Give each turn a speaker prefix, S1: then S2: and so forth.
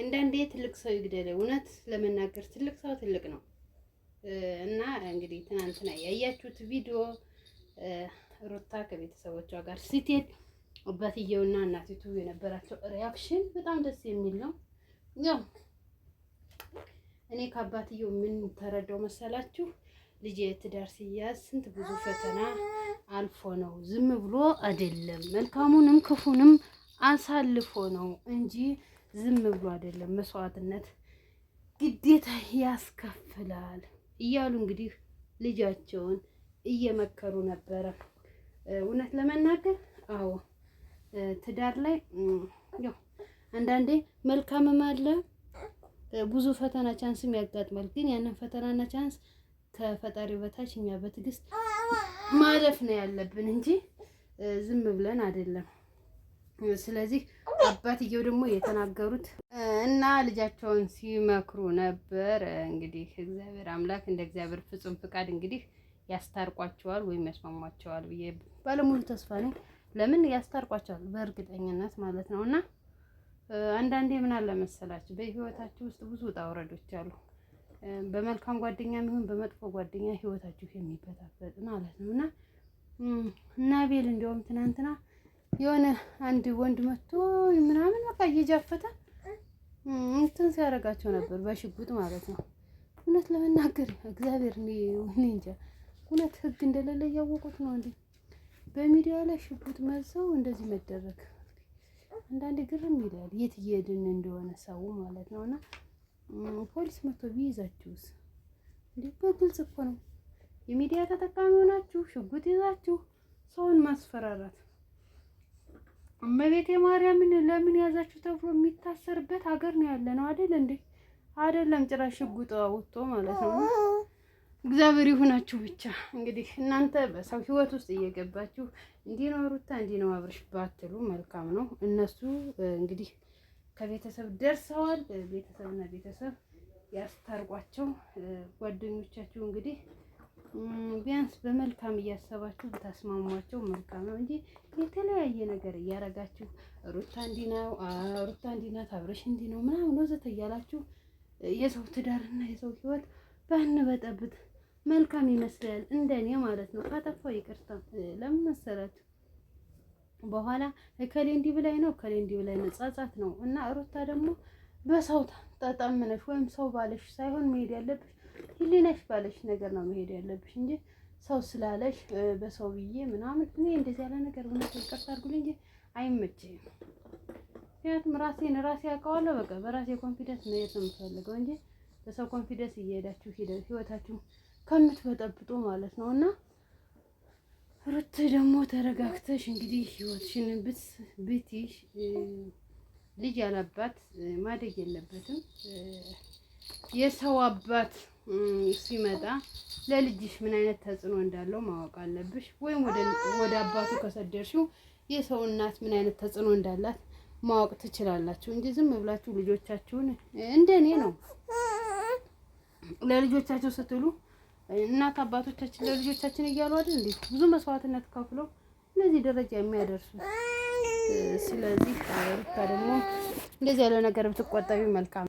S1: አንዳንዴ ትልቅ ሰው ይግደል። እውነት ለመናገር ትልቅ ሰው ትልቅ ነው እና እንግዲህ ትናንትና ያያችሁት ቪዲዮ ሩታ ከቤተሰቦቿ ጋር ስትሄድ እና እናቲቱ የነበራቸው ሪያክሽን በጣም ደስ የሚል ነው። ያው እኔ ከአባትየው ምን ተረዳው መሰላችሁ? ልጅ የትዳር ሲያዝ ስንት ብዙ ፈተና አልፎ ነው። ዝም ብሎ አይደለም። መልካሙንም ክፉንም አሳልፎ ነው እንጂ ዝም ብሎ አይደለም መስዋዕትነት ግዴታ ያስከፍላል እያሉ እንግዲህ ልጃቸውን እየመከሩ ነበረ። እውነት ለመናገር አዎ ትዳር ላይ ያው አንዳንዴ መልካምም አለ ብዙ ፈተና ቻንስም ያጋጥማል። ግን ያንን ፈተናና ቻንስ ከፈጣሪው በታች እኛ በትዕግስት ማለፍ ነው ያለብን እንጂ ዝም ብለን አይደለም። ስለዚህ አባትየው ደግሞ የተናገሩት እና ልጃቸውን ሲመክሩ ነበር። እንግዲህ እግዚአብሔር አምላክ እንደ እግዚአብሔር ፍጹም ፍቃድ እንግዲህ ያስታርቋቸዋል ወይም ያስማሟቸዋል ብዬ ባለሙሉ ተስፋ ነኝ። ለምን ያስታርቋቸዋል በእርግጠኝነት ማለት ነው። እና አንዳንዴ ምን አለ መሰላችሁ በህይወታችሁ ውስጥ ብዙ ውጣ ውረዶች አሉ። በመልካም ጓደኛ ይሁን በመጥፎ ጓደኛ ህይወታችሁ የሚበታበጥ ማለት ነው እና እና ቤል እንዲያውም ትናንትና የሆነ አንድ ወንድ መጥቶ ምናምን በቃ እየጃፈተ እንትን ሲያደርጋቸው ነበር፣ በሽጉጥ ማለት ነው። እውነት ለመናገር እግዚአብሔር እኔ እንጃ እውነት ህግ እንደሌለ እያወቁት ነው እንዴ በሚዲያ ላይ ሽጉጥ መልሰው እንደዚህ መደረግ። አንዳንዴ ግርም ይላል የት እየሄድን እንደሆነ ሰው ማለት ነው። እና ፖሊስ መቶ ቢይዛችሁስ? እንዴ በግልጽ እኮ ነው የሚዲያ ተጠቃሚ ሆናችሁ ሽጉጥ ይዛችሁ ሰውን ማስፈራራት እመቤቴ ማርያምን ለምን ያዛችሁ ተብሎ የሚታሰርበት ሀገር ነው ያለ ነው አይደል እንዴ? አይደለም ጭራሽ ሽጉጥ ወጥቶ ማለት ነው። እግዚአብሔር ይሁናችሁ ብቻ። እንግዲህ እናንተ በሰው ህይወት ውስጥ እየገባችሁ እንዲኖሩታ ነው አብርሽ ባትሉ መልካም ነው። እነሱ እንግዲህ ከቤተሰብ ደርሰዋል። ቤተሰብና ቤተሰብ ያስታርቋቸው። ጓደኞቻችሁ እንግዲህ ቢያንስ በመልካም እያሰባችሁ ብታስማሟቸው መልካም ነው እንጂ የተለያየ ነገር እያረጋችሁ ሩታ እንዲህ ነው፣ ሩታ እንዲህ ናት፣ አብረሽ እንዲህ ነው ምናምን ወዘተ እያላችሁ የሰው ትዳርና የሰው ህይወት ባንበጠብጥ መልካም ይመስላል። እንደኔ ማለት ነው። አጠፋው ይቅርታ። ለምን መሰላችሁ በኋላ ከሌንዲ ብላይ ነው ከሌንዲ ነው ጻጻት ነው እና ሩታ ደግሞ በሰውታ ተጠምነሽ ወይም ሰው ባለሽ ሳይሆን መሄድ ያለብሽ ህሊናሽ ባለሽ ነገር ነው መሄድ ያለብሽ እንጂ ሰው ስላለሽ በሰው ብዬ ምናምን እኔ እንደዚህ ያለ ነገር እውነት ይቅርታ አድርጉልኝ እንጂ አይመቸኝም። ምክንያቱም ራሴን ራሴ ያውቀዋለሁ። በቃ በራሴ ኮንፊደንስ መሄድ ነው የምፈልገው እንጂ በሰው ኮንፊደንስ እየሄዳችሁ ሂደት ህይወታችሁ ከምትበጠብጡ ማለት ነው። እና ሩት ደግሞ ተረጋግተሽ እንግዲህ ህይወትሽን ብት ብትሽ ልጅ ያላባት ማደግ የለበትም። የሰው አባት ሲመጣ ለልጅሽ ምን አይነት ተጽዕኖ እንዳለው ማወቅ አለብሽ። ወይም ወደ አባቱ ከሰደርሽው የሰው እናት ምን አይነት ተጽዕኖ እንዳላት ማወቅ ትችላላችሁ እንጂ ዝም ብላችሁ ልጆቻችሁን እንደ እኔ ነው ለልጆቻቸው ስትሉ እናት አባቶቻችን ለልጆቻችን እያሉ አይደል እንዴ ብዙ መስዋዕትነት ከፍለው እነዚህ ደረጃ የሚያደርሱ ስለዚህ አሜሪካ ደግሞ እንደዚህ ያለ ነገር ብትቆጠቢ መልካም።